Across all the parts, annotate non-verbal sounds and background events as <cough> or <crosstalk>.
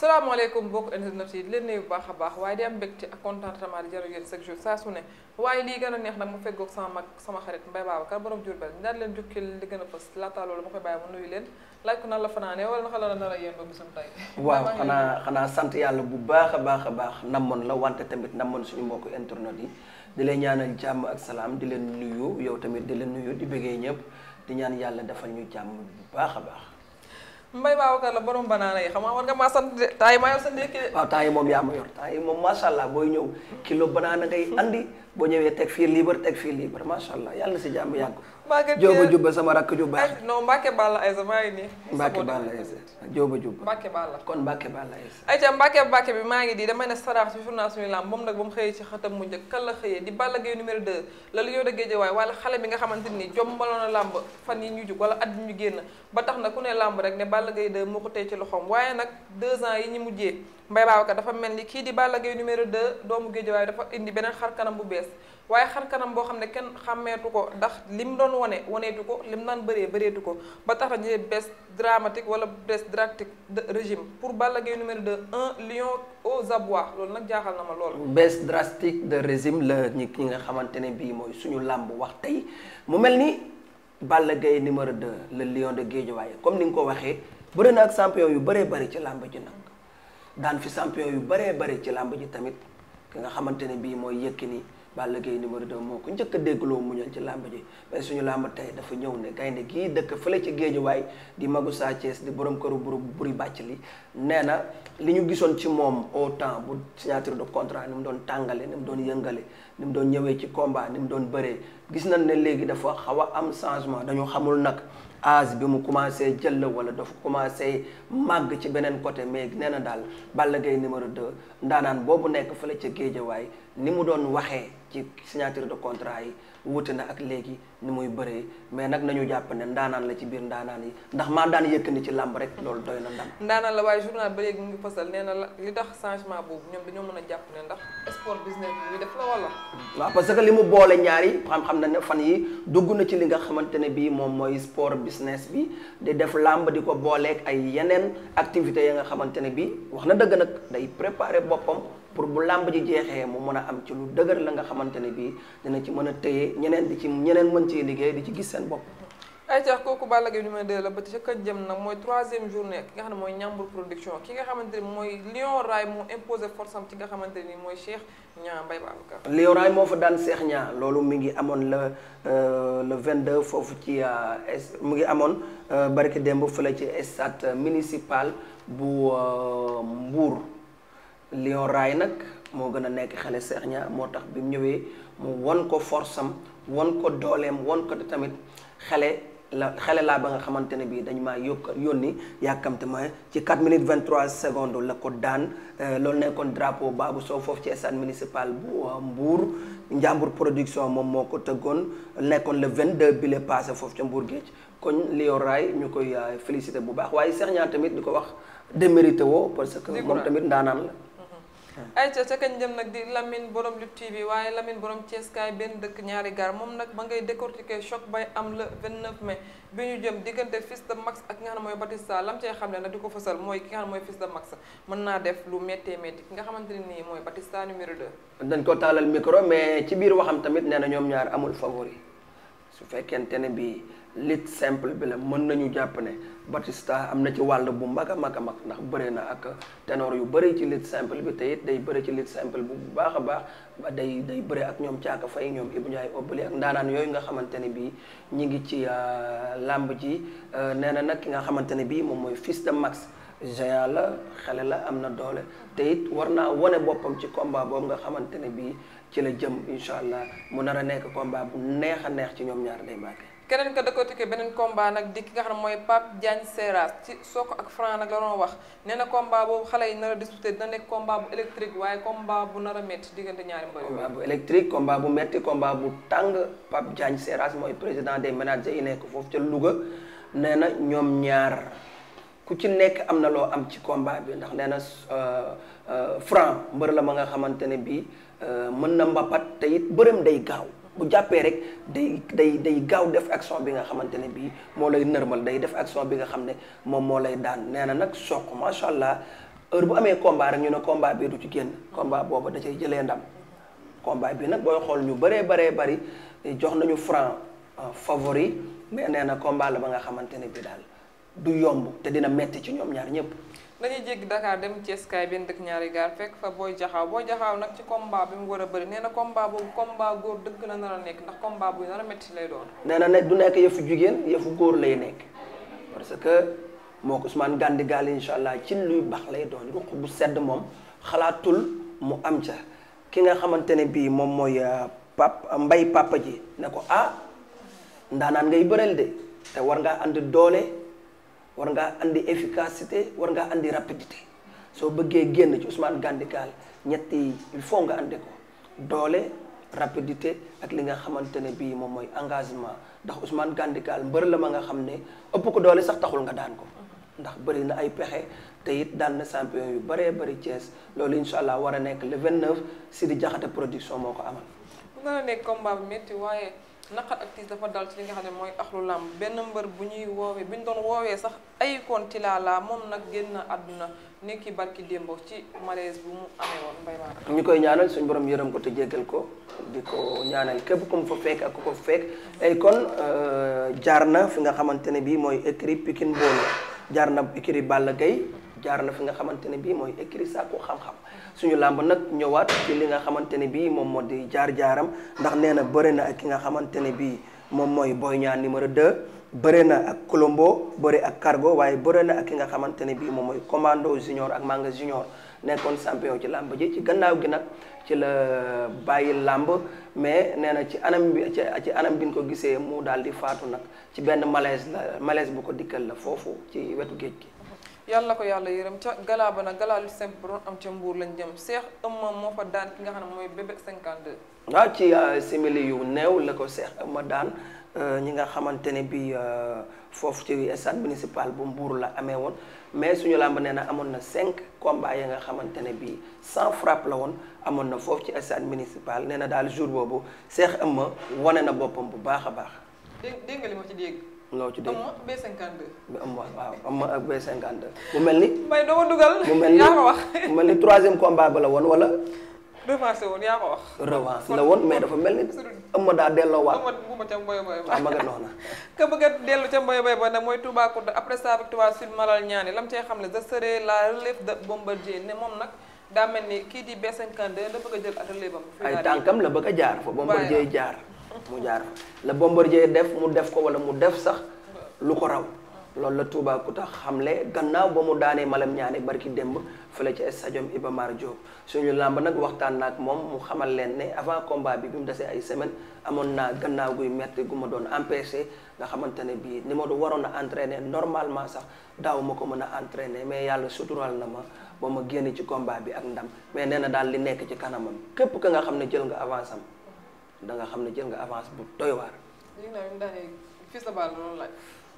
salaamaaleykum mbokk internet yi di leen nuyu baax a baax waaye di am mbégte ak contentement di jaro yéen chaque jour saa su ne waaye lii gën a neex nag mu feggoog sama mag sama xarit Mbaye Babacar borom Diourbel leen jukkil li gën a fës laataa loolu ma koy bàyyi mu nuyu leen laaj ko nan la fanaanee wala naka la nar a yéen ba bisum <laughs> waaw xanaa xanaa sant yàlla bu baax a baax a baax namoon la wante tamit namoon suñu mbokk internet yi di leen ñaanal jàmm ak salaam di leen nuyu yow tamit di leen nuyu di bëggee ñëpp di ñaan yàlla defal ñu jàmm bu baax a Mbaye Babacar la borom banaana yi xam nga war nga maa sant de temps yi maa yor sa ndékki de. waaw temps moom yaa ma yor temps moom macha booy ñëw kilo banaana ngay andi boo ñëwee teg fii libre teg fii libre macha allah yàlla na si jàmm yàgg. jóoba jubba sama rakk ju baax non Mbacke Balla Aïssa maa ngi nii Mbacke Balla Aïssa jóoba jubba Mbacke Balla kon Mbacke Balla Aïssa ayca Mbacke Mbacke bi maa ngi di damay ne saraax ci journal suñu lamb moom nag ba xëyee ci xëtam mu njëkk kan la xëyee di Balla Gaye numéro 2 la lu yow da géejëwaay wala xale bi nga xamante ni jombaloon a làmb fan yi ñu jug wala at ñu génn ba tax na ku ne làmb rek ne Balla Gaye 2 moo ko tey ci loxoom waaye nag deux yi ñu mujjee mbay baawakat dafa mel ni kii di Balla Gaye numéro 2 doomu géejëwaay dafa indi beneen xar kanam bu bees waaye xam kanam boo xam ne kenn xàmmeetu ko ndax lim doon wane waneetu ko lim daan bëree bëreetu ko ba tax nañu baisse dramatique wala baisse drastique de régime pour Balla Gaye numéro 2 un lion aux abois loolu nag jaaxal na ma lool. baisse drastique de régime la ñi ki nga xamante ne bii mooy suñu làmb wax tey mu mel ni Balla Gaye numéro 2 le lion de Guédiawaye comme ni nga ko waxee bëri na ak sampion yu bëree bëri ci làmb ji nag daan fi champion yu bëree bëri ci làmb ji tamit ki nga xamante ne bii mooy Yékini. Balla Gaye numéro 2 moo ko njëkk a déggloo muñal ci làmb ji mais suñu làmb tey dafa ñëw ne gaynde gii dëkk fële ci géejuwaay di magu Sa Thiès di borom këru bu buri bàcc li nee na li ñu gisoon ci moom au temps bu signature de contrat ni mu doon tàngale ni mu doon yëngale nim doon ñëwee ci combat ni mu doon bëree gis nañ ne léegi dafa xaw a am changement dañoo xamul nag ase bi mu commencé jël la wala dafa commencé màgg ci beneen côté mais nee na daal Balla Gaye numéro 2 ndaanaan boobu nekk fa fële ca géejawaay ni mu doon waxee ci signature de contrat yi wuute na ak léegi ni muy bëree mais nag nañu jàpp ne ndaanaan la ci biir ndaanaan yi ndax maa daan yëkkandi ci làmb rek loolu doy na ndam ndaanaan la waaye journal ba léegi mu ngi fasal nee na li tax changement boobu ñoom dañoo mën a jàpp ne ndax sport business bi def la wala waaw parce que li mu boole ñaari xam-xam na ne fan yi dugg na ci li nga xamante ne bii moom mooy sport business bi di def làmb di ko booleek ay yeneen activités yi nga xamante ne bii wax na dëgg nag day préparer boppam pour bu làmb ji jeexee mu mën a am ci lu dëgër la nga xamante ne bii dina ci mën a téye ñeneen di ci ñeneen mën ci liggéey di ci gis seen bopp. ay tax kooku Balla Gaye numéro 2 la ba ca kan jëm nag mooy troisième journée ki nga xam ne mooy ñambur production ki nga xamante ni mooy Lion Raay moo imposé force am ci nga xamante ni mooy Cheikh Ñaa Mbay Babacar Lion Raay moo fa daan seex Ñaa loolu mi ngi amoon la le 22 euh, foofu ci euh, s mu ngi amoon euh, barki démb fële ci stade municipal bu Mbour Lion Raay nag moo gën a nekk xale Cheikh Niang moo tax bi mu ñëwee mu won ko force am won ko dooleem won ko tamit xele la xale laa ba nga xamante ne bii dañu maa yokk yónni yàkkamte ma ci 4 minutes 23 secondes la ko daan euh, loolu nekkoon drapeau baabu Sow foofu ci stade municipal bu euh, Mbour Njàmbur production moom moo ko tëggoon nekkoon la 22 bi le passé foofu ca Mbour Géej kon Lion Raay ñu koy euh, félicité bu baax waaye Cheikh tamit di ko wax démérité woo parce que tamit ndaanaan ayca ca kañ jëm nag di Lamine borom Lutte TV waaye Lamine borom Ceeskaay benn dëkk ñaari gaar moom nag ba ngay décortiquer choc bay am le 29 mai bi ñu jëm diggante Fils de Max ak ki nga xam ne mooy Batista lam cee xam ne nag di ko fësal mooy ki nga xam ne mooy Fils de Max mën naa def lu méttee métti ki nga xamante ne nii mooy Batista numéro 2. dañ ko taalal micro mais ci biir waxam tamit nee na ñoom ñaar amul favori su fekkente ne bii. lit simple bi la mën nañu jàpp ne Batista am na ci wàll bu mag a mag a mag ndax bëri na ak tenoor yu bëri ci lit simple bi te it day bëri ci lit simple bu baax a baax day day bëri ak ñoom caaka fay ñoom Ibou Ndiaye Obali ak ndaanaan yooyu nga xamante ne bii ñi ngi ci euh, làmb ji euh, nee na nag ki nga xamante ne bii moom mooy fils de Max géant la xale la am na doole te war naa wane boppam ci combat boobu nga xamante ne bii ci la jëm incha allah mu nar a nekk combat neex a neex ci ñoom ñaar day bàkke keneen ko da ko tëkkee beneen combat nag di ki nga xam ne mooy Pape Diagne Seras ci Sokh ak Franc nag la doon wax nee na combat boobu xale yi nar a disputé dina nekk combat bu électrique komba combat bu nar a métti diggante ñaari mbër combat bu électrique combat tàng Pape Diagne Seras mooy président de managers yi nekk foofu ca Louga nee na ñoom ñaar ku ci nekk am na loo am ci combat bi ndax nee na euh, euh, Franc mbër la ma nga xamante ne bii euh, mën na mbapat te it bërëm day gaaw bu jàppee rek day day day gaaw def action bi nga xamante ne bii moo lay normal day def action bi nga xam ne moom moo lay daan nee na nag sook macha allah heure bu amee combat rek ñu ne combat bi du ci génn combat boobu da cay jëlee ndam combat bi nag booy xool ñu bëree baree bari jox nañu franc euh, favori mais nee na combat la ba nga xamante ne bii daal du yomb te dina metti ci ñoom ñaar ñëpp. dañuy jéggi dakaar dem Thiès kaay benn dëkk ñaari gaar fekk fa Boy Jaxaaw Boy Jaxaaw nag ci combat bi mu war a bëri nee na combat boobu combat góor dëgg la nar a nekk ndax combat bu nar a lay doon. nee na ne du nekk yëfu jigéen yëfu góor lay nekk parce que moo ko Ousmane Gandi Gaal allah ci luy baax lay doon ruq bu sedd moom xalaatul mu am ca ki nga xamante ne bii moom mooy euh, pap mbay papa ji ne ko ah ndaanaan ngay bëreel de te war ngaa ànd doole. war ngaa andi efficacité war ngaa andi rapidité soo bëggee génn ci Ousmane Gandigal ñett il faut nga andi ko doole rapidité ak li nga xamante ne bii moom mooy engagement ndax Ousmane Gandigal mbër la ma nga xam ne ëpp ko doole sax taxul nga daan ko ndax bëri na ay pexe te it daan na champion yu baree bëri Thiès loolu incha allah war a nekk le 29 si di jaxate production moo ko amal. naqar ak tiis dafa dal ci li nga xam ne mooy axlu làmb benn mbër bu ñuy woowee bu ñu doon woowee sax ayikoon laa moom nag génn àdduna nekki barki démbo ci malaise bu mu amee woon mbay maa ñu koy ñaanal suñu borom yërëm ko te jéggal ko di ko ñaanal képp ku mu fa fekk ak ku ko fekk ay kon euh, jaar na fi nga xamante ne bii mooy écrit Pikine Mbooloo jaar na écrit ball Gaye jaar na fi nga xamante ne bii mooy écrit sàkku xam-xam suñu làmb nag ñëwaat ci li nga xamante ne bii moom moo di jaar-jaaram ndax nee na bëri na ak ki nga xamante ne bii moom mooy Boy Niang numéro 2. bëre na ak Colombo bëre ak Cargo waaye bëre na ak ki nga xamante ne bii moom mooy Commando Junior ak Manga Junior nekkoon champion ci làmb ji ci gannaaw gi nag ci la bàyyi làmb mais nee na ci anam bi ci anam bi ñu ko gisee mu daal di faatu nag ci benn malaise la malaise bu ko dikkal la foofu ci wetu géej gi. yàlla ko yàlla yërëm ca galaa ba nag galaa lu simple ba doon am ca mbuur lañ jëm seex ëmma moo fa daan ki nga ne mooy bébé 52. waaw ah, ci euh, simili yu néew la ko seex ëmma daan euh, ñi nga xamante ne bi euh, foofu ci stade municipal bu mbuur la amee woon mais suñu làmb nee na amoon na cinq combats ya nga xamante ne bi sans frappe la woon amoon na foofu ci stade municipal nee na daal jour boobu seex ëmma wane na boppam bu baax a baax dégg nga li ci dégg loo ci dégg am ma B52. am ma waaw am ma ak B52. mu mel ni. may doo ma dugal. yaa ko wax mu mel ni troisième combat ba la woon wala. revanche woon yaa ko wax. revanche la woon mais dafa mel ni. am ma daa delloowaat am ma bu ma ca mboy boy ba. ah ma nga noona. <laughs> ka bëgg a dellu ca mboy boy ba nag mooy Toubacouta après sa victoire sur Malal Niani lam cay xam ne ce serait la relève de Bombardier ne moom nag. daa mel ni kii di B52 la bëgg a jël ak relève am. ay tànkam la bëgg a jaar fa Bombardier jaar. mu jaar la Bombardier def mu def ko wala mu def sax lu ko raw loolu la tax xam le gannaaw ba mu daanee malam ñaane barki démb fële ci stadium Iba Mar Diop suñu làmb nag waxtaan na ak moom mu xamal leen ne avant combat bi bi mu desee ay semaine amoon naa gannaaw guy metti gu ma doon empêché nga xamante ne bii ni ma du waroon a entraîner normalement sax daawuma ko mën a entraîner mais yàlla sutural na ma ba ma génn ci combat bi ak ndam mais nee na daal li nekk ci kanamam képp ka nga xam ne jël nga avance am da nga xam ne jël nga avance bu doy waar. Fils de Balla loolu laaj.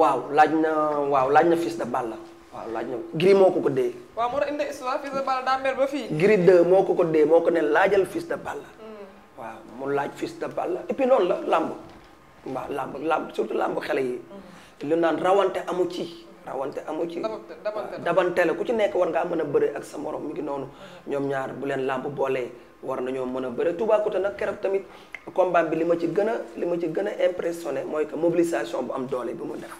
waaw laaj na waaw laaj na Fils de la waaw laaj na Gris moo ko ko dee. waaw moo indi histoire Fils de Balla daa mer ba fii. gri 2 moo ko ko dee moo ko ne laajal Fils de Balla. Hmm. waaw mu laaj Fils de Balla et puis loolu la làmb. waaw làmb làmb surtout làmb xale yi. Hmm. lu naan rawante amu ci. rawante amu ci dabante la ku ci nekk war ngaa mën a bëre ak sa morom mi ngi noonu ñoom ñaar bu leen làmb boolee war nañoo mën a bëre Toubacouta nag keroog tamit combat bi li ma ci gën a li ma ci gën a impressionné mooy que mobilisation bu am doole bi mu def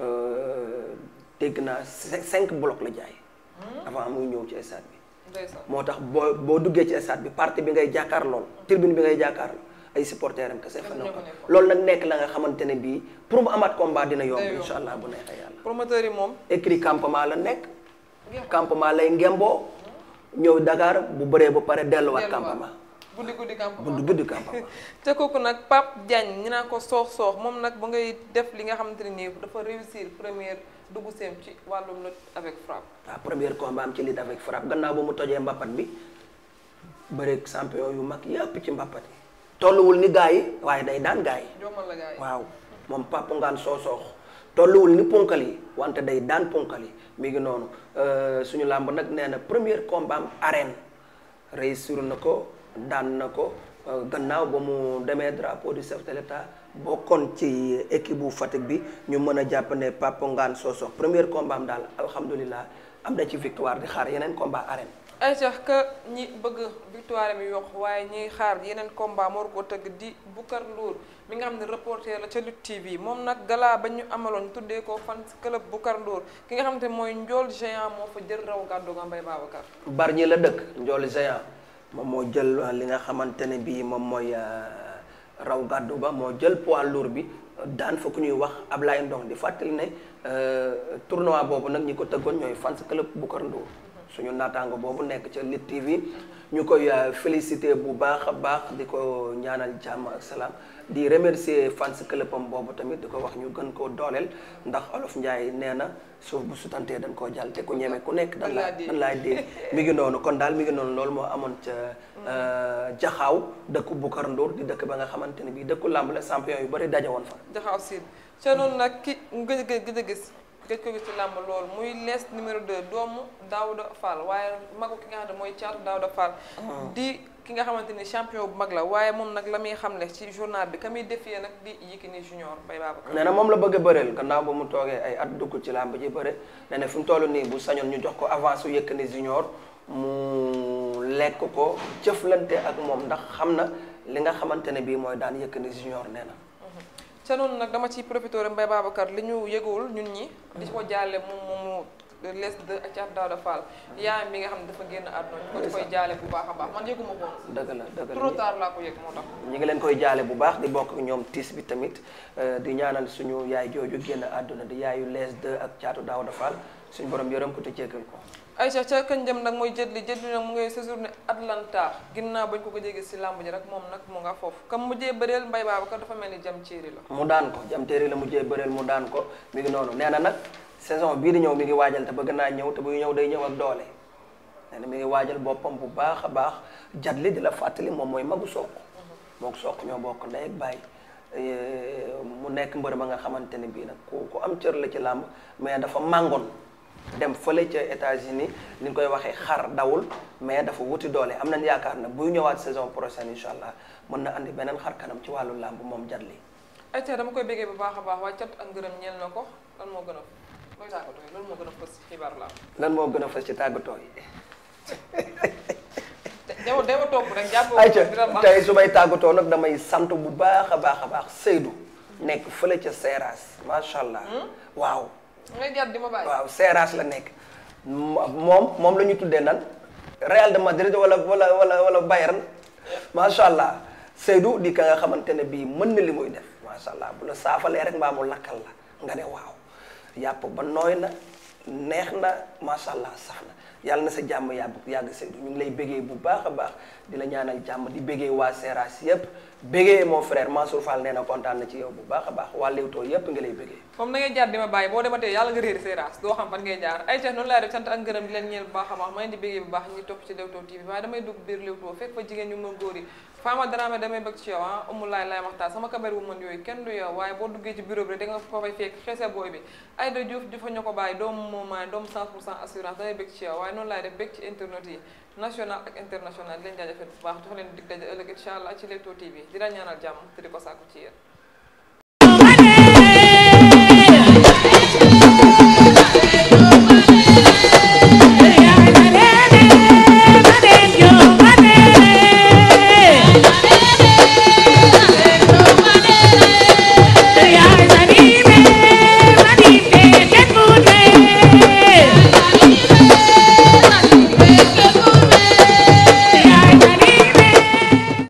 euh, dégg naa cinq blocs la jaay hmm? avant muy ñëw ci stade bi moo tax boo boo duggee ci stade bi parti bi ngay jàkkaar lool tribune bi ngay jàkkaar lool ay supporters am kese fan loolu la nekk la nga xamante ne bii pour mu amaat combat dina yomb incha allah bu neexee yàlla. promoteur yi moom. écrit campement la nekk. campement lay ngemboo. ñëw Dakar bu bëree ba pare delluwaat campement. guddi guddi campement guddi guddi campement. te <laughs> kooku nag Pape Diagne ñu naan ko soox soox moom nag ba ngay def li nga xamante ne nii dafa réussir première dugg seem ci wàllum lutte avec frappe. waaw ah, première combat am ci lutte avec frappe gannaaw ba mu tojee mbappat bi bëreeg champion yu mag yëpp ci mbappat tolluwul ni gaa yi waaye day daan gaa yi waaw moom Papa Ngane Sossokh tolluwul ni ponkal yi wante day daan ponkal yi mi ngi noonu euh, suñu làmb nag nee na premier combat am arène réussir na ko daan na ko euh, gannaaw ba mu demee drapeau du chef de bokkoon ci équipe bu Fatick bi ñu mën a jàpp ne Papa Ngane première combam daal alhamdulilah am na ci victoire di xaar yeneen combat arène ay sax que ñi bëgg victoire mi yokk waaye ñiy xaar yeneen combat moo ko tëgg di Boucar Ndour mi nga xam ne reporter la ca Lutte TV moom nag gala ba ñu amaloon tuddee ko fan club Boucar Ndour ki nga xam te mooy Ndiol Géant moo fa jël raw gàddu nga Mbaye Babacar. Bargny la dëkk Ndiol Géant moom moo jël euh, li nga xamante ne bii moom mooy euh, raw gàddu ba moo jël poids lourd bi. daan fa ñuy wax Ablaye Ndong di fàttali ne euh, tournoi boobu nag ñi ko tëggoon ñooy fans club Boucar Ndour suñu naataango boobu nekk ca Lit TV ñu koy euh, félicité bu baax a baax di ko ñaanal jàmm ak salaam di remercier fans clubam boobu tamit di ko wax ñu gën koo dooleel ndax olof Ndiaye nee na suuf bu sutantee dañ koo jàll te ku ñeme ku nekk dan laa dan laay dee ngi noonu kon daal mi ngi noonu loolu moo amoon ca mm. euh, jaxaaw dëkku Bukar Ndour di dëkk ba nga xamante ne bii dëkku làmb la champion yu bëri daje woon fa jaxaaw si ca noonu nag ki gëj gëj a gis dëkk ci làmb loolu muy lees numéro 2 doomu Daouda Fall waaye magu ki nga xam ne mooy caatu Daouda Fall. Ah. di ki nga xamante ni champion bu mag la waaye moom nag la muy xamle ci journal bi ka muy defee nag di Yékini Junior Mbaye Babacar. nee na moom la bëgg a bëreel gannaaw ba mu toogee ay at dugg ci làmb ji bëre nee na fi mu toll nii bu sañoon ñu jox ko avance su yëkk Yékini Junior mu lekk ko jëflante ak moom ndax xam na li nga xamante ne bii mooy daan Yékini Junior nee na. ca noonu nag dama ciy profité rek Mbaye Babacar li ñu yëgul ñun ñi di ko jaale moom moom les de ak Thiat Daouda Fall yaayam mi nga xam ne dafa génn àdduna ñu ko ci koy jaale bu baax a baax man yëguma ko dëgg la dëgg la trop tard laa ko yëg moo tax ñu ngi leen koy jaale bu baax di bokk ñoom tiis bi tamit euh, di ñaanal suñu yaay jooju génn àdduna di yaayu les de ak Thiat Daouda Fall suñu borom yërëm ko te jéggal ko. Aïcha ca dem nag mooy jëtli jëtli nag mu ngay séjourné Atlanta ginnaaw bañ ko ko jéggi si làmb ji rek moom nag mu nga foofu kam mujjee bëreel Mbaye Babacar dafa mel ni jam téeri la mu daan ko jam téeri la mujjee bëreel mu daan ko mi ngi noonu nee na nag saison bii di ñëw mi ngi waajal te bëgg naa ñëw te buy ñëw day ñëw ak doole nee na mi ngi waajal boppam bu baax a baax jatli di la fàttali moom mooy magu sook moo ko sook ñoo bokk ndey ak bàyyi mu nekk mbër ma nga xamante ne bii nag ku am cër la ci làmb mais dafa màngoon dem fële ca États-Unis ni ñu koy waxee xar dawul mais dafa wuti doole am nañ yaakaar na buy ñëwaat saison prochaine incha allah mën na andi beneen xar kanam ci wàllu bu moom jat li ayca dama koy béggee bu baax a baax waaye cat ak ngërëm na ko lan moo gën a mooy tàggatoo yi moo gën a fës ci xibaar la lan moo gën a fës ci tàggatoo yi <laughs> dama dama topp rek jàppoo tey su may tàggatoo nag damay sant bu baax a baax a baax Seydou nekk fële ca Seras macha allah hmm? waaw ngay jàpp ma waaw seeraas la nekk moom moom la ñu tuddee nan Real de Madrid wala wala wala wala Bayern macha allah Seydou di ka nga xamante ne bii mën na li muy def macha allah bu la saafalee rek mbaa mu lakkal la nga ne waaw yàpp ba nooy na neex na macha allah sax na yàlla na sa jàmm yàgg yàgg Seydou ñu ngi lay bégee bu baax a baax. dina la ñaanal jàmm di béggee waa Seras yépp béggee mon frère Mansour Fall nee na kontaan na ci yow bu baax a baax waa Leewtoo yépp nga lay béggee moom na a baax ma leen di bëgg ci yow ah umu laay laay waxtaan ci bureau bi da ko fekk xeese booy bi ay da Diouf di fa ñu ko bàyyi doomu moomaay doomu 100 pour cent assurance damay bëgg ci yow waaye noonu laay def bëgg ci internet yi national ak international di leen jaajëfal bu baax jox leen dig daje ëllëg incha allah ci Leewtoo TV di la ñaanal jàmm te di ko sàkku ci yéen